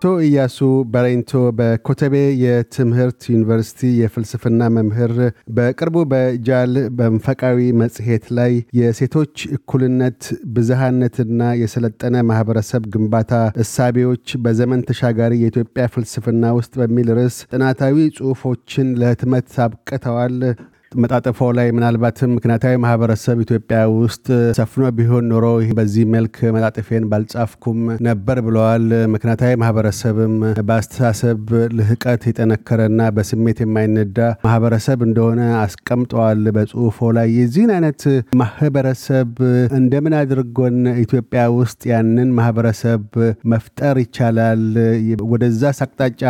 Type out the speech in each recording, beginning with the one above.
አቶ እያሱ በሬንቶ በኮተቤ የትምህርት ዩኒቨርሲቲ የፍልስፍና መምህር በቅርቡ በጃል በንፈቃዊ መጽሔት ላይ የሴቶች እኩልነት ብዝሃነትና የሰለጠነ ማህበረሰብ ግንባታ እሳቤዎች በዘመን ተሻጋሪ የኢትዮጵያ ፍልስፍና ውስጥ በሚል ርዕስ ጥናታዊ ጽሑፎችን ለህትመት አብቅተዋል። መጣጠፎ ላይ ምናልባትም ምክንያታዊ ማህበረሰብ ኢትዮጵያ ውስጥ ሰፍኖ ቢሆን ኖሮ በዚህ መልክ መጣጠፌን ባልጻፍኩም ነበር ብለዋል። ምክንያታዊ ማህበረሰብም በአስተሳሰብ ልህቀት የጠነከረና በስሜት የማይነዳ ማህበረሰብ እንደሆነ አስቀምጠዋል በጽሁፎ ላይ። የዚህን አይነት ማህበረሰብ እንደምን አድርጎን ኢትዮጵያ ውስጥ ያንን ማህበረሰብ መፍጠር ይቻላል? ወደዛ አቅጣጫ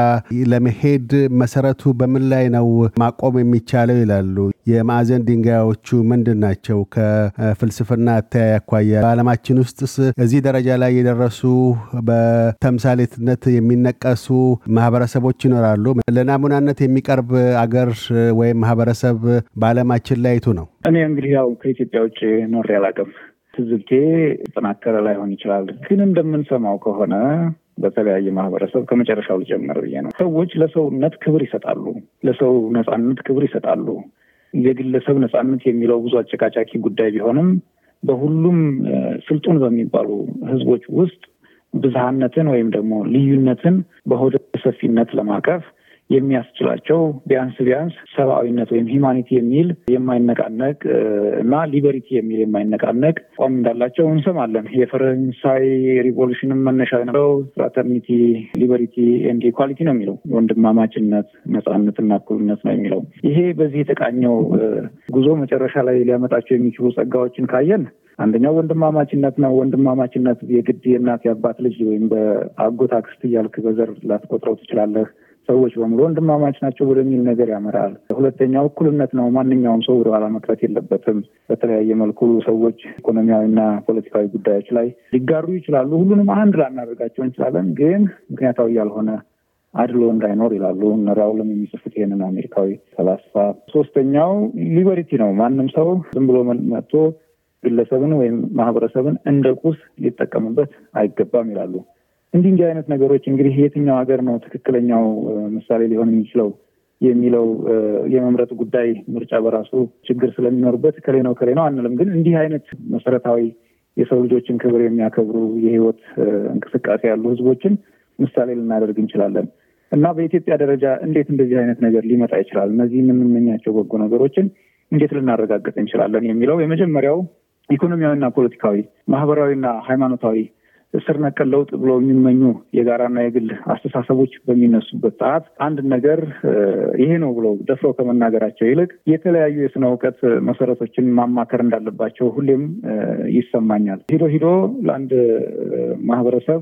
ለመሄድ መሰረቱ በምን ላይ ነው? ማቆም የሚቻለው ይላሉ። የማዕዘን ድንጋዮቹ ምንድን ናቸው? ከፍልስፍና አተያይ አኳያ በዓለማችን ውስጥስ እዚህ ደረጃ ላይ የደረሱ በተምሳሌትነት የሚነቀሱ ማህበረሰቦች ይኖራሉ። ለናሙናነት የሚቀርብ አገር ወይም ማህበረሰብ በዓለማችን ላይ የቱ ነው? እኔ እንግዲህ ያው ከኢትዮጵያ ውጭ ኖሬ አላውቅም። ትዝብቴ ጠናከረ ላይሆን ይችላል። ግን እንደምንሰማው ከሆነ በተለያየ ማህበረሰብ ከመጨረሻው ልጀምር ብዬ ነው። ሰዎች ለሰውነት ክብር ይሰጣሉ፣ ለሰው ነፃነት ክብር ይሰጣሉ። የግለሰብ ነፃነት የሚለው ብዙ አጨቃጫቂ ጉዳይ ቢሆንም በሁሉም ስልጡን በሚባሉ ህዝቦች ውስጥ ብዝሃነትን ወይም ደግሞ ልዩነትን በሆደ ሰፊነት ለማቀፍ የሚያስችላቸው ቢያንስ ቢያንስ ሰብአዊነት ወይም ሂማኒቲ የሚል የማይነቃነቅ እና ሊበሪቲ የሚል የማይነቃነቅ አቋም እንዳላቸው እንሰማለን። የፈረንሳይ ሪቮሉሽንም መነሻ የነበረው ፍራተርኒቲ ሊበሪቲ ኤንድ ኢኳሊቲ ነው የሚለው ወንድማማችነት፣ ነጻነትና እኩልነት ነው የሚለው ይሄ በዚህ የተቃኘው ጉዞ መጨረሻ ላይ ሊያመጣቸው የሚችሉ ጸጋዎችን ካየን አንደኛው ወንድማማችነት ነው። ወንድማማችነት የግድ የእናት የአባት ልጅ ወይም በአጎት አክስት እያልክ በዘር ላትቆጥረው ትችላለህ። ሰዎች በሙሉ ወንድማማች ናቸው ወደሚል ነገር ያመራል። ሁለተኛው እኩልነት ነው። ማንኛውም ሰው ኋላ መቅረት የለበትም። በተለያየ መልኩ ሰዎች ኢኮኖሚያዊና ፖለቲካዊ ጉዳዮች ላይ ሊጋሩ ይችላሉ። ሁሉንም አንድ ላናደርጋቸው እንችላለን፣ ግን ምክንያታዊ ያልሆነ አድሎ እንዳይኖር ይላሉ እነ ራውልም የሚጽፉት ይህንን አሜሪካዊ ፈላስፋ። ሶስተኛው ሊበሪቲ ነው። ማንም ሰው ዝም ብሎ መጥቶ ግለሰብን ወይም ማህበረሰብን እንደ ቁስ ሊጠቀምበት አይገባም ይላሉ። እንዲህ እንዲህ አይነት ነገሮች እንግዲህ የትኛው ሀገር ነው ትክክለኛው ምሳሌ ሊሆን የሚችለው የሚለው የመምረጥ ጉዳይ ምርጫ በራሱ ችግር ስለሚኖርበት ከሌ ነው ከሌ ነው አንልም። ግን እንዲህ አይነት መሰረታዊ የሰው ልጆችን ክብር የሚያከብሩ የህይወት እንቅስቃሴ ያሉ ህዝቦችን ምሳሌ ልናደርግ እንችላለን እና በኢትዮጵያ ደረጃ እንዴት እንደዚህ አይነት ነገር ሊመጣ ይችላል? እነዚህ የምንመኛቸው በጎ ነገሮችን እንዴት ልናረጋግጥ እንችላለን? የሚለው የመጀመሪያው ኢኮኖሚያዊና ፖለቲካዊ፣ ማህበራዊና ሃይማኖታዊ ስር ነቀል ለውጥ ብሎ የሚመኙ የጋራና የግል አስተሳሰቦች በሚነሱበት ሰዓት አንድ ነገር ይሄ ነው ብሎ ደፍረው ከመናገራቸው ይልቅ የተለያዩ የስነ እውቀት መሰረቶችን ማማከር እንዳለባቸው ሁሌም ይሰማኛል። ሂዶ ሂዶ ለአንድ ማህበረሰብ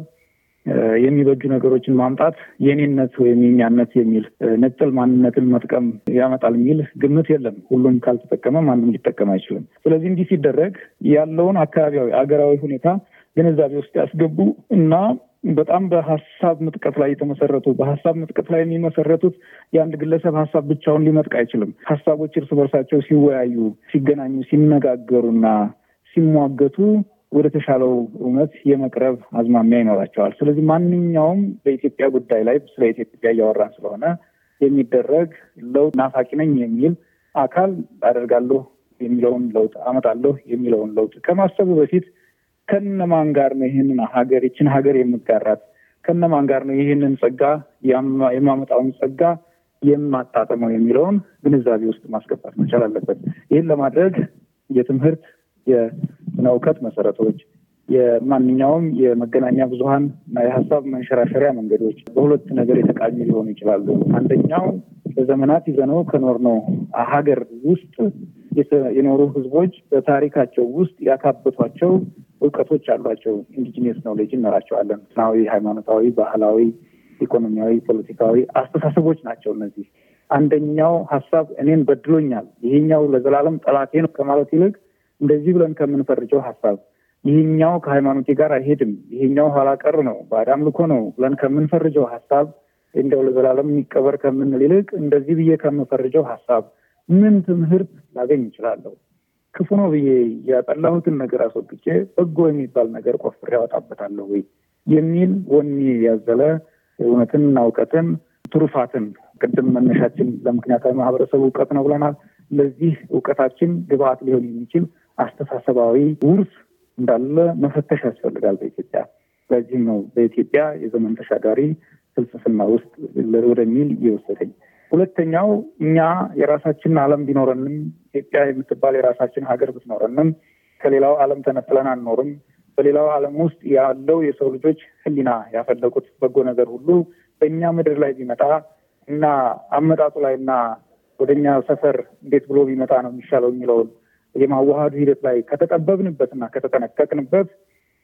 የሚበጁ ነገሮችን ማምጣት የኔነት ወይም የኛነት የሚል ነጥል ማንነትን መጥቀም ያመጣል የሚል ግምት የለም። ሁሉም ካልተጠቀመ ማንም ሊጠቀም አይችልም። ስለዚህ እንዲህ ሲደረግ ያለውን አካባቢያዊ አገራዊ ሁኔታ ግንዛቤ ውስጥ ያስገቡ እና በጣም በሀሳብ ምጥቀት ላይ የተመሰረቱ በሀሳብ ምጥቀት ላይ የሚመሰረቱት የአንድ ግለሰብ ሀሳብ ብቻውን ሊመጥቅ አይችልም። ሀሳቦች እርስ በርሳቸው ሲወያዩ፣ ሲገናኙ፣ ሲነጋገሩና ሲሟገቱ ወደ ተሻለው እውነት የመቅረብ አዝማሚያ ይኖራቸዋል። ስለዚህ ማንኛውም በኢትዮጵያ ጉዳይ ላይ ስለ ኢትዮጵያ እያወራን ስለሆነ የሚደረግ ለውጥ ናፋቂ ነኝ የሚል አካል አደርጋለሁ የሚለውን ለውጥ አመጣለሁ የሚለውን ለውጥ ከማሰቡ በፊት ከነማን ጋር ነው ይህንን ሀገር ይችን ሀገር የምጋራት? ከነማን ጋር ነው ይህንን ጸጋ የማመጣውን ጸጋ የማጣጥመው የሚለውን ግንዛቤ ውስጥ ማስገባት መቻል አለበት። ይህን ለማድረግ የትምህርት የስነ እውቀት መሰረቶች፣ የማንኛውም የመገናኛ ብዙሀን እና የሀሳብ መንሸራሸሪያ መንገዶች በሁለት ነገር የተቃኙ ሊሆኑ ይችላሉ። አንደኛው ለዘመናት ይዘነው ከኖርነው ሀገር ውስጥ የኖሩ ህዝቦች በታሪካቸው ውስጥ ያካበቷቸው እውቀቶች አሏቸው። ኢንዲጂኒየስ ኖሌጅ እንላቸዋለን። ናዊ፣ ሃይማኖታዊ፣ ባህላዊ፣ ኢኮኖሚያዊ፣ ፖለቲካዊ አስተሳሰቦች ናቸው። እነዚህ አንደኛው ሀሳብ እኔን በድሎኛል፣ ይሄኛው ለዘላለም ጠላቴ ነው ከማለት ይልቅ እንደዚህ ብለን ከምንፈርጀው ሀሳብ ይሄኛው ከሃይማኖቴ ጋር አይሄድም፣ ይሄኛው ኋላ ቀር ነው፣ በአዳም ልኮ ነው ብለን ከምንፈርጀው ሀሳብ እንደው ለዘላለም የሚቀበር ከምንል ይልቅ እንደዚህ ብዬ ከምፈርጀው ሀሳብ ምን ትምህርት ላገኝ እችላለሁ? ክፉ ነው ብዬ ያጠላሁትን ነገር አስወግቼ በጎ የሚባል ነገር ቆፍሬ ያወጣበታለሁ ወይ የሚል ወኔ ያዘለ እውነትን እውቀትን ትሩፋትን ቅድም መነሻችን ለምክንያታዊ ማህበረሰቡ እውቀት ነው ብለናል። ለዚህ እውቀታችን ግብአት ሊሆን የሚችል አስተሳሰባዊ ውርስ እንዳለ መፈተሽ ያስፈልጋል በኢትዮጵያ። ለዚህም ነው በኢትዮጵያ የዘመን ተሻጋሪ ፍልስፍና ውስጥ ወደሚል እየወሰደኝ ሁለተኛው እኛ የራሳችንን ዓለም ቢኖረንም ኢትዮጵያ የምትባል የራሳችን ሀገር ብትኖረንም ከሌላው ዓለም ተነጥለን አንኖርም። በሌላው ዓለም ውስጥ ያለው የሰው ልጆች ሕሊና ያፈለጉት በጎ ነገር ሁሉ በእኛ ምድር ላይ ቢመጣ እና አመጣጡ ላይ እና ወደኛ ሰፈር እንዴት ብሎ ቢመጣ ነው የሚሻለው የሚለውን የማዋሃዱ ሂደት ላይ ከተጠበብንበት እና ከተጠነቀቅንበት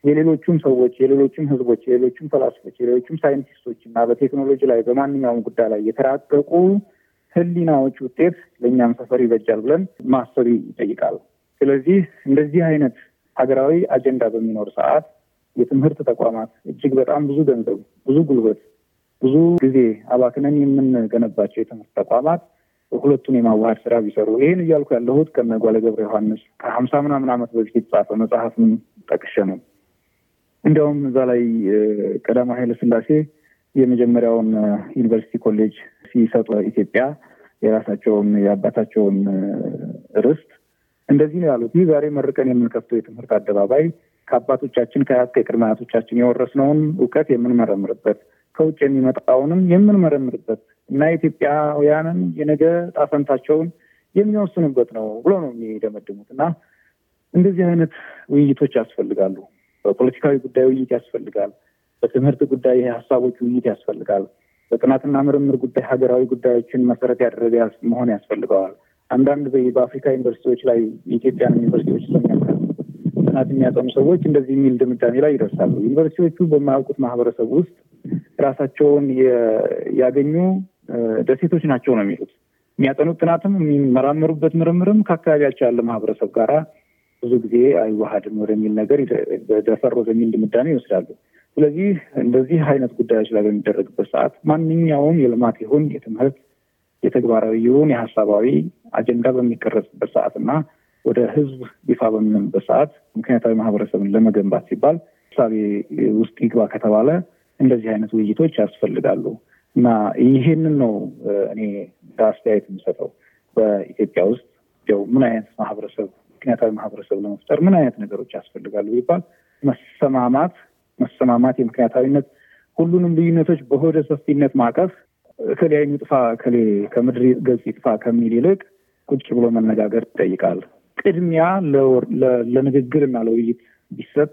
የሌሎቹም ሰዎች የሌሎቹም ህዝቦች የሌሎቹም ፈላስፎች የሌሎቹም ሳይንቲስቶች እና በቴክኖሎጂ ላይ በማንኛውም ጉዳይ ላይ የተራቀቁ ህሊናዎች ውጤት ለእኛም ሰፈር ይበጃል ብለን ማሰብ ይጠይቃል። ስለዚህ እንደዚህ አይነት ሀገራዊ አጀንዳ በሚኖር ሰዓት የትምህርት ተቋማት እጅግ በጣም ብዙ ገንዘብ፣ ብዙ ጉልበት፣ ብዙ ጊዜ አባክነን የምንገነባቸው የትምህርት ተቋማት ሁለቱን የማዋሃድ ስራ ቢሰሩ። ይህን እያልኩ ያለሁት ከነ ገብረ ዮሐንስ ከሀምሳ ምናምን ዓመት በፊት የተጻፈ መጽሐፍም ጠቅሸ ነው። እንዲያውም እዛ ላይ ቀዳማዊ ኃይለ ስላሴ የመጀመሪያውን ዩኒቨርሲቲ ኮሌጅ ሲሰጡ ኢትዮጵያ የራሳቸውን የአባታቸውን ርስት እንደዚህ ነው ያሉት። ይህ ዛሬ መርቀን የምንከፍተው የትምህርት አደባባይ ከአባቶቻችን ከአያት ከቅድመ አያቶቻችን የወረስነውን እውቀት የምንመረምርበት ከውጭ የሚመጣውንም የምንመረምርበት እና ኢትዮጵያውያንን የነገ ጣፈንታቸውን የሚወስኑበት ነው ብሎ ነው የሚደመድሙት እና እንደዚህ አይነት ውይይቶች ያስፈልጋሉ። በፖለቲካዊ ጉዳይ ውይይት ያስፈልጋል። በትምህርት ጉዳይ ሀሳቦች ውይይት ያስፈልጋል። በጥናትና ምርምር ጉዳይ ሀገራዊ ጉዳዮችን መሰረት ያደረገ መሆን ያስፈልገዋል። አንዳንድ በአፍሪካ ዩኒቨርሲቲዎች ላይ የኢትዮጵያን ዩኒቨርሲቲዎች ጥናት የሚያጠኑ ሰዎች እንደዚህ የሚል ድምዳሜ ላይ ይደርሳሉ። ዩኒቨርሲቲዎቹ በማያውቁት ማህበረሰብ ውስጥ ራሳቸውን ያገኙ ደሴቶች ናቸው ነው የሚሉት። የሚያጠኑት ጥናትም የሚመራመሩበት ምርምርም ከአካባቢያቸው ያለ ማህበረሰብ ጋራ ብዙ ጊዜ አይዋሃድም ወደሚል ነገር ደፈር ወደሚል ድምዳሜ ይወስዳሉ። ስለዚህ እንደዚህ አይነት ጉዳዮች ላይ በሚደረግበት ሰዓት ማንኛውም የልማት ይሁን የትምህርት የተግባራዊ ይሁን የሀሳባዊ አጀንዳ በሚቀረጽበት ሰዓት እና ወደ ህዝብ ይፋ በሚሆንበት ሰዓት ምክንያታዊ ማህበረሰብን ለመገንባት ሲባል ሳቤ ውስጥ ይግባ ከተባለ እንደዚህ አይነት ውይይቶች ያስፈልጋሉ እና ይህንን ነው እኔ አስተያየት የምሰጠው በኢትዮጵያ ውስጥ ምን አይነት ማህበረሰብ ምክንያታዊ ማህበረሰብ ለመፍጠር ምን አይነት ነገሮች ያስፈልጋሉ ቢባል መሰማማት፣ መሰማማት፣ የምክንያታዊነት ሁሉንም ልዩነቶች በሆደ ሰፊነት ማቀፍ እከሌ ዓይኑ ጥፋ እከሌ ከምድር ገጽ ይጥፋ ከሚል ይልቅ ቁጭ ብሎ መነጋገር ይጠይቃል። ቅድሚያ ለንግግርና ለውይይት ቢሰጥ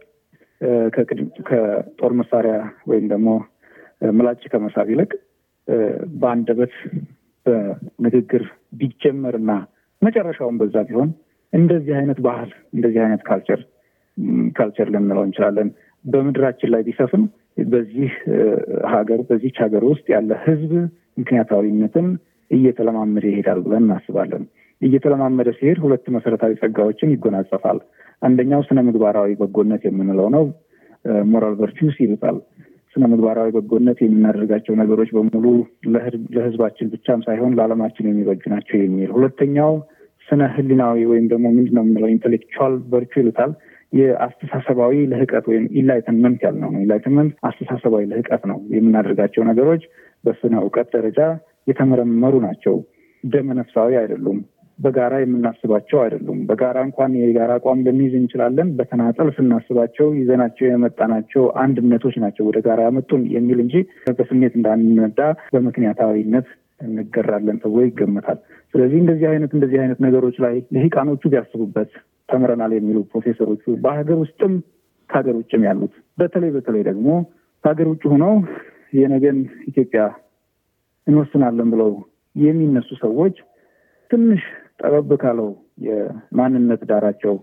ከጦር መሳሪያ ወይም ደግሞ ምላጭ ከመሳብ ይልቅ በአንደበት በንግግር ቢጀመርና መጨረሻውን በዛ ቢሆን እንደዚህ አይነት ባህል እንደዚህ አይነት ካልቸር ካልቸር ልንለው እንችላለን በምድራችን ላይ ቢሰፍን በዚህ ሀገር በዚች ሀገር ውስጥ ያለ ህዝብ ምክንያታዊነትን እየተለማመደ ይሄዳል ብለን እናስባለን። እየተለማመደ ሲሄድ ሁለት መሰረታዊ ጸጋዎችን ይጎናጸፋል። አንደኛው ስነ ምግባራዊ በጎነት የምንለው ነው። ሞራል ቨርቹስ ይሉታል። ስነ ምግባራዊ በጎነት የምናደርጋቸው ነገሮች በሙሉ ለህዝባችን ብቻም ሳይሆን ለዓለማችን የሚበጁ ናቸው የሚል ሁለተኛው ስነ ህሊናዊ ወይም ደግሞ ምንድን ነው የምንለው ኢንቴሌክቹዋል ቨርቹ ይሉታል የአስተሳሰባዊ ልህቀት ወይም ኢንላይትንመንት ያልነው ነው። ኢንላይትንመንት አስተሳሰባዊ ልህቀት ነው። የምናደርጋቸው ነገሮች በስነ እውቀት ደረጃ የተመረመሩ ናቸው። ደመነፍሳዊ አይደሉም። በጋራ የምናስባቸው አይደሉም። በጋራ እንኳን የጋራ አቋም ልንይዝ እንችላለን። በተናጠል ስናስባቸው ይዘናቸው የመጣናቸው አንድነቶች ናቸው ወደ ጋራ ያመጡን የሚል እንጂ በስሜት እንዳንነዳ በምክንያታዊነት እንገራለን ተብሎ ይገመታል። ስለዚህ እንደዚህ አይነት እንደዚህ አይነት ነገሮች ላይ ለሂቃኖቹ ቢያስቡበት ተምረናል የሚሉ ፕሮፌሰሮቹ በሀገር ውስጥም ከሀገር ውጭም ያሉት በተለይ በተለይ ደግሞ ከሀገር ውጭ ሆነው የነገን ኢትዮጵያ እንወስናለን ብለው የሚነሱ ሰዎች ትንሽ ጠበብ ካለው የማንነት ዳራቸው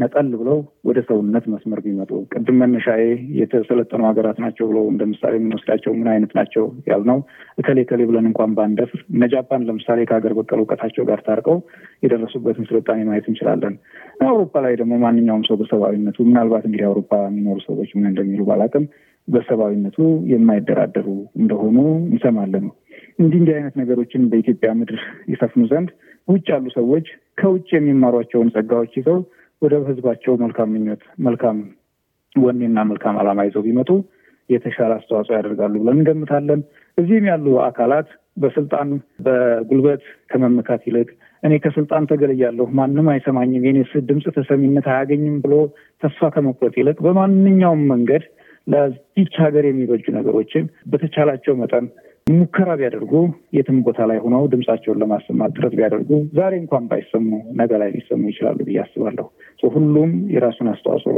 ነጠል ብለው ወደ ሰውነት መስመር ቢመጡ ቅድም መነሻዬ የተሰለጠኑ ሀገራት ናቸው ብለው እንደ ምሳሌ የምንወስዳቸው ምን አይነት ናቸው ያልነው እከሌ እከሌ ብለን እንኳን ባንደፍር እነ ጃፓን ለምሳሌ ከሀገር በቀል እውቀታቸው ጋር ታርቀው የደረሱበትን ስልጣኔ ማየት እንችላለን። አውሮፓ ላይ ደግሞ ማንኛውም ሰው በሰብአዊነቱ ምናልባት እንግዲህ አውሮፓ የሚኖሩ ሰዎች ምን እንደሚሉ ባላቅም በሰብአዊነቱ የማይደራደሩ እንደሆኑ እንሰማለን። እንዲህ እንዲህ አይነት ነገሮችን በኢትዮጵያ ምድር ይሰፍኑ ዘንድ ውጭ ያሉ ሰዎች ከውጭ የሚማሯቸውን ጸጋዎች ይዘው ወደ ህዝባቸው መልካም ምኞት፣ መልካም ወኔና መልካም ዓላማ ይዘው ቢመጡ የተሻለ አስተዋጽኦ ያደርጋሉ ብለን እንገምታለን። እዚህም ያሉ አካላት በስልጣን በጉልበት ከመመካት ይልቅ እኔ ከስልጣን ተገልያለሁ፣ ማንም አይሰማኝም፣ የኔስ ድምፅ ተሰሚነት አያገኝም ብሎ ተስፋ ከመቁረጥ ይልቅ በማንኛውም መንገድ ለዚች ሀገር የሚበጁ ነገሮችን በተቻላቸው መጠን ሙከራ ቢያደርጉ የትም ቦታ ላይ ሆነው ድምጻቸውን ለማሰማት ጥረት ቢያደርጉ ዛሬ እንኳን ባይሰሙ ነገ ላይ ሊሰሙ ይችላሉ ብዬ አስባለሁ። ሁሉም የራሱን አስተዋጽኦ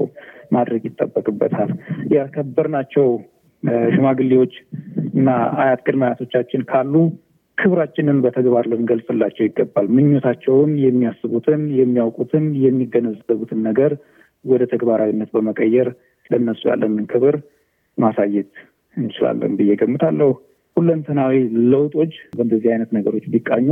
ማድረግ ይጠበቅበታል። ያከበርናቸው ሽማግሌዎች እና አያት ቅድመ አያቶቻችን ካሉ ክብራችንን በተግባር ልንገልጽላቸው ይገባል። ምኞታቸውን የሚያስቡትን፣ የሚያውቁትን፣ የሚገነዘቡትን ነገር ወደ ተግባራዊነት በመቀየር ለነሱ ያለንን ክብር ማሳየት እንችላለን ብዬ ገምታለሁ። ሁለንተናዊ ለውጦች በእንደዚህ አይነት ነገሮች ቢቃኙ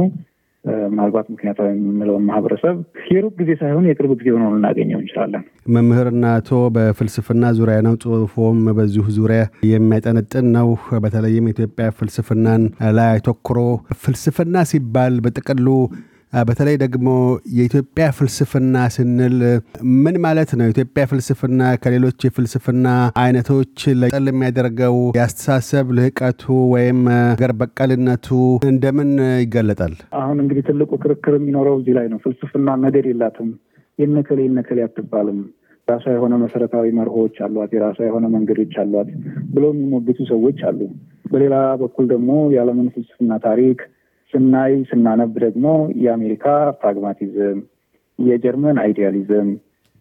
ምናልባት ምክንያታዊ የምንለውን ማህበረሰብ የሩቅ ጊዜ ሳይሆን የቅርብ ጊዜ ሆኖ ልናገኘው እንችላለን። መምህርና አቶ በፍልስፍና ዙሪያ ነው። ጽሁፎም በዚሁ ዙሪያ የሚያጠነጥን ነው። በተለይም ኢትዮጵያ ፍልስፍናን ላይ አተኩሮ ፍልስፍና ሲባል በጥቅሉ በተለይ ደግሞ የኢትዮጵያ ፍልስፍና ስንል ምን ማለት ነው? የኢትዮጵያ ፍልስፍና ከሌሎች የፍልስፍና አይነቶች ለጠል የሚያደርገው የአስተሳሰብ ልህቀቱ ወይም ገር በቀልነቱ እንደምን ይገለጣል? አሁን እንግዲህ ትልቁ ክርክር የሚኖረው እዚህ ላይ ነው። ፍልስፍና መደድ የላትም፣ የነከሌ የነከሌ አትባልም። ራሷ የሆነ መሰረታዊ መርሆዎች አሏት፣ የራሷ የሆነ መንገዶች አሏት ብለው የሚሞግቱ ሰዎች አሉ። በሌላ በኩል ደግሞ የዓለምን ፍልስፍና ታሪክ ስናይ ስናነብ ደግሞ የአሜሪካ ፕራግማቲዝም፣ የጀርመን አይዲያሊዝም፣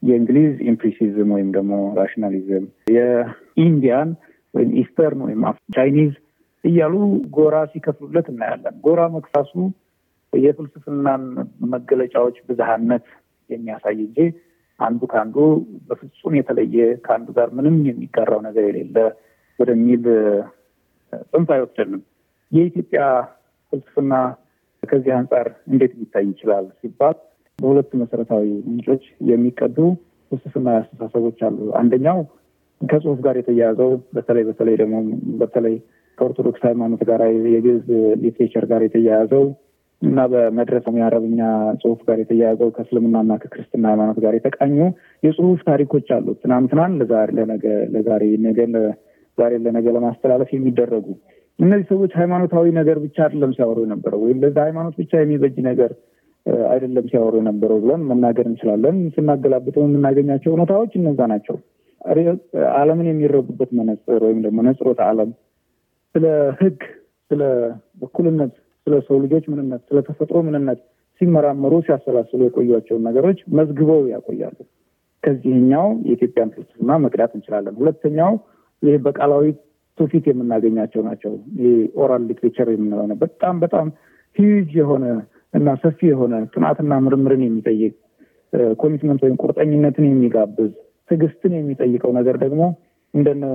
የእንግሊዝ ኢምፕሪሲዝም ወይም ደግሞ ራሽናሊዝም፣ የኢንዲያን ወይም ኢስተርን ወይም ቻይኒዝ እያሉ ጎራ ሲከፍሉለት እናያለን። ጎራ መክሳሱ የፍልስፍናን መገለጫዎች ብዝሃነት የሚያሳይ እንጂ አንዱ ከአንዱ በፍጹም የተለየ ከአንዱ ጋር ምንም የሚጋራው ነገር የሌለ ወደሚል ጽንፍ አይወስደንም። የኢትዮጵያ ፍልስፍና ከዚህ አንጻር እንዴት ሊታይ ይችላል ሲባል በሁለት መሰረታዊ ምንጮች የሚቀዱ ፍልስፍና አስተሳሰቦች አሉ። አንደኛው ከጽሁፍ ጋር የተያያዘው በተለይ በተለይ ደግሞ በተለይ ከኦርቶዶክስ ሃይማኖት ጋር የግዕዝ ሊትሬቸር ጋር የተያያዘው እና በመድረሰም የአረብኛ ጽሁፍ ጋር የተያያዘው ከእስልምናና ከክርስትና ሃይማኖት ጋር የተቃኙ የጽሁፍ ታሪኮች አሉ። ትናንትናን ለዛሬ ለነገ ለዛሬ ነገ ዛሬ ለነገ ለማስተላለፍ የሚደረጉ እነዚህ ሰዎች ሃይማኖታዊ ነገር ብቻ አይደለም ሲያወሩ የነበረው ወይም ለዛ ሃይማኖት ብቻ የሚበጅ ነገር አይደለም ሲያወሩ የነበረው ብለን መናገር እንችላለን። ስናገላብጠው የምናገኛቸው እውነታዎች እነዛ ናቸው። ዓለምን የሚረጉበት መነጽር ወይም ደግሞ ነጽሮት ዓለም ስለ ህግ፣ ስለ እኩልነት፣ ስለ ሰው ልጆች ምንነት፣ ስለ ተፈጥሮ ምንነት ሲመራመሩ ሲያሰላስሉ የቆዩቸውን ነገሮች መዝግበው ያቆያሉ። ከዚህኛው የኢትዮጵያን ፍልስፍና መቅዳት እንችላለን። ሁለተኛው ይህ በቃላዊ በፊት የምናገኛቸው ናቸው። ኦራል ሊትሬቸር የምንለው ነው። በጣም በጣም ሂዩጅ የሆነ እና ሰፊ የሆነ ጥናትና ምርምርን የሚጠይቅ ኮሚትመንት ወይም ቁርጠኝነትን የሚጋብዝ ትዕግስትን የሚጠይቀው ነገር ደግሞ እንደነ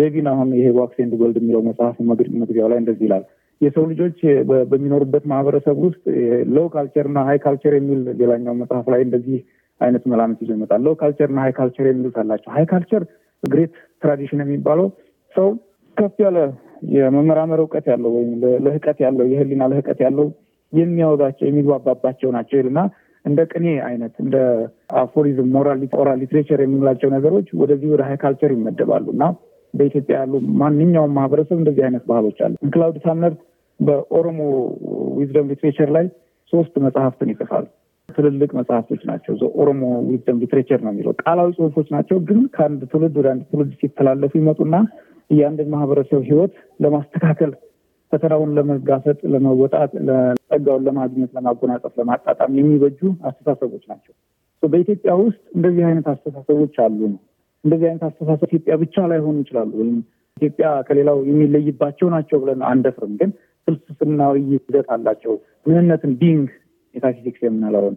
ሌቪን አሁን ይሄ ዋክስ ኤንድ ጎልድ የሚለው መጽሐፉ መግቢያው ላይ እንደዚህ ይላል። የሰው ልጆች በሚኖሩበት ማህበረሰብ ውስጥ ሎው ካልቸር እና ሀይ ካልቸር የሚል ሌላኛው መጽሐፍ ላይ እንደዚህ አይነት መላምት ይዞ ይመጣል። ሎው ካልቸር እና ሀይ ካልቸር የሚሉት አላቸው። ሀይ ካልቸር ግሬት ትራዲሽን የሚባለው ሰው ከፍ ያለ የመመራመር እውቀት ያለው ወይም ልህቀት ያለው የህሊና ልህቀት ያለው የሚያወጋቸው የሚግባባባቸው ናቸው ይልና እንደ ቅኔ አይነት እንደ አፎሪዝም ኦራል ሊትሬቸር የምንላቸው ነገሮች ወደዚህ ወደ ሀይ ካልቸር ይመደባሉ እና በኢትዮጵያ ያሉ ማንኛውም ማህበረሰብ እንደዚህ አይነት ባህሎች አሉ። ክላውድ ሳምነር በኦሮሞ ዊዝደም ሊትሬቸር ላይ ሶስት መጽሐፍትን ይጽፋሉ። ትልልቅ መጽሐፍቶች ናቸው። ኦሮሞ ዊዝደም ሊትሬቸር ነው የሚለው ቃላዊ ጽሁፎች ናቸው። ግን ከአንድ ትውልድ ወደ አንድ ትውልድ ሲተላለፉ ይመጡና የአንድን ማህበረሰብ ህይወት ለማስተካከል ፈተናውን ለመጋፈጥ፣ ለመወጣት፣ ጸጋውን ለማግኘት፣ ለማጎናጸፍ፣ ለማጣጣም የሚበጁ አስተሳሰቦች ናቸው። በኢትዮጵያ ውስጥ እንደዚህ አይነት አስተሳሰቦች አሉ ነው። እንደዚህ አይነት አስተሳሰብ ኢትዮጵያ ብቻ ላይሆኑ ይችላሉ፣ ወይም ኢትዮጵያ ከሌላው የሚለይባቸው ናቸው ብለን አንደፍርም። ግን ፍልስፍናዊ ይዘት አላቸው። ምንነትን ቢንግ ሜታፊዚክስ የምንለውን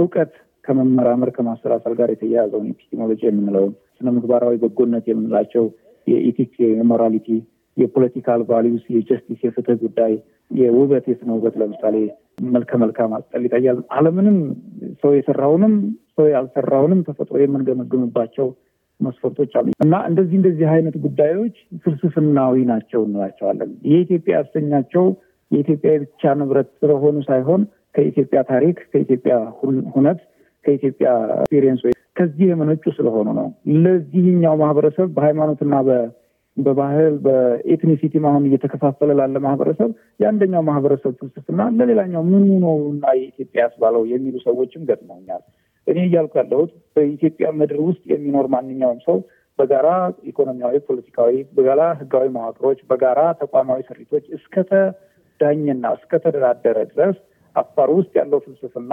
እውቀት ከመመራመር ከማሰላሰል ጋር የተያያዘውን ኤፒስቲሞሎጂ የምንለውን ስነ ምግባራዊ በጎነት የምንላቸው የኢቲክ የሞራሊቲ፣ የፖለቲካል ቫሊዩስ፣ የጀስቲስ፣ የፍትህ ጉዳይ፣ የውበት፣ የስነ ውበት ለምሳሌ መልከ መልካም አስጠል ይጠያል። አለምንም ሰው የሰራውንም ሰው ያልሰራውንም ተፈጥሮ የምንገመግምባቸው መስፈርቶች አሉ እና እንደዚህ እንደዚህ አይነት ጉዳዮች ፍልስፍናዊ ናቸው እንላቸዋለን። የኢትዮጵያ ያሰኛቸው የኢትዮጵያ ብቻ ንብረት ስለሆኑ ሳይሆን ከኢትዮጵያ ታሪክ ከኢትዮጵያ ሁነት ከኢትዮጵያ ኤክስፔሪየንስ ወይ ከዚህ የመነጩ ስለሆኑ ነው። ለዚህኛው ማህበረሰብ በሃይማኖትና በባህል በኤትኒሲቲ አሁን እየተከፋፈለ ላለ ማህበረሰብ የአንደኛው ማህበረሰብ ፍልስፍና ለሌላኛው ምኑ ነው እና የኢትዮጵያ ያስባለው የሚሉ ሰዎችም ገጥመውኛል። እኔ እያልኩ ያለሁት በኢትዮጵያ ምድር ውስጥ የሚኖር ማንኛውም ሰው በጋራ ኢኮኖሚያዊ፣ ፖለቲካዊ፣ በጋራ ህጋዊ መዋቅሮች፣ በጋራ ተቋማዊ ስሪቶች እስከተዳኝና እስከተደራደረ ድረስ አፋር ውስጥ ያለው ፍልስፍና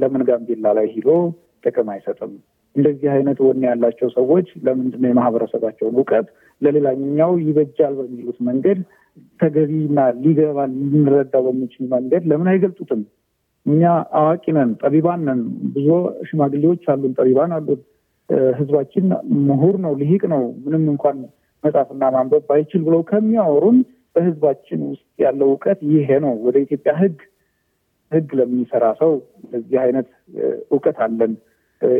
ለምን ጋምቤላ ላይ ሂዶ ጥቅም አይሰጥም? እንደዚህ አይነት ወኔ ያላቸው ሰዎች ለምንድነው የማህበረሰባቸውን እውቀት ለሌላኛው ይበጃል በሚሉት መንገድ ተገቢና ሊገባ ሊንረዳ በሚችል መንገድ ለምን አይገልጡትም? እኛ አዋቂ ነን፣ ጠቢባን ነን። ብዙ ሽማግሌዎች አሉን፣ ጠቢባን አሉን። ህዝባችን ምሁር ነው፣ ልሂቅ ነው። ምንም እንኳን መጻፍና ማንበብ ባይችል ብለው ከሚያወሩን በህዝባችን ውስጥ ያለው እውቀት ይሄ ነው። ወደ ኢትዮጵያ ህግ ህግ ለሚሰራ ሰው እዚህ አይነት እውቀት አለን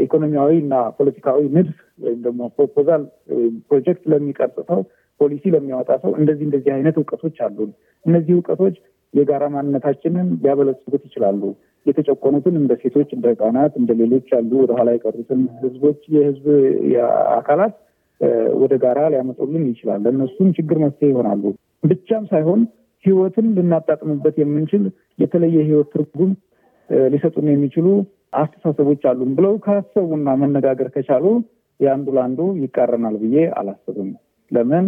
ኢኮኖሚያዊ እና ፖለቲካዊ ንድፍ ወይም ደግሞ ፕሮፖዛል ወይም ፕሮጀክት ለሚቀርጽ ሰው ፖሊሲ ለሚያወጣ ሰው እንደዚህ እንደዚህ አይነት እውቀቶች አሉን። እነዚህ እውቀቶች የጋራ ማንነታችንን ሊያበለጽጉት ይችላሉ። የተጨቆኑትን እንደ ሴቶች፣ እንደ ህጻናት፣ እንደ ሌሎች ያሉ ወደኋላ የቀሩትን ህዝቦች የህዝብ አካላት ወደ ጋራ ሊያመጡልን ይችላል። ለእነሱም ችግር መፍትሄ ይሆናሉ ብቻም ሳይሆን ህይወትን ልናጣጥምበት የምንችል የተለየ ህይወት ትርጉም ሊሰጡን የሚችሉ አስተሳሰቦች አሉን ብለው ካሰቡና መነጋገር ከቻሉ የአንዱ ለአንዱ ይቃረናል ብዬ አላስብም። ለምን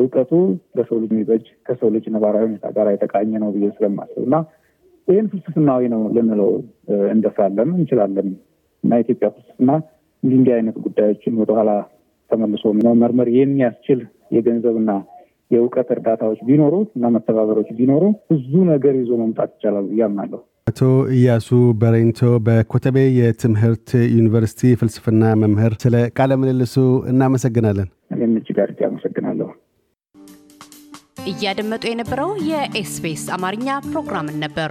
እውቀቱ ለሰው ልጅ የሚበጅ ከሰው ልጅ ነባራዊ ሁኔታ ጋር የተቃኘ ነው ብዬ ስለማስብ እና ይህን ፍልስፍናዊ ነው ልንለው እንደሳለን እንችላለን እና ኢትዮጵያ ፍልስፍና እንዲህ እንዲህ አይነት ጉዳዮችን ወደኋላ ተመልሶ መመርመር የሚያስችል የገንዘብና የእውቀት እርዳታዎች ቢኖሩ እና መተባበሮች ቢኖሩ ብዙ ነገር ይዞ መምጣት ይቻላል ብዬ አቶ እያሱ በሬንቶ በኮተቤ የትምህርት ዩኒቨርሲቲ ፍልስፍና መምህር፣ ስለ ቃለ ምልልሱ እናመሰግናለን። እኔም እጅግ አድርጌ አመሰግናለሁ። እያደመጡ የነበረው የኤስቢኤስ አማርኛ ፕሮግራምን ነበር።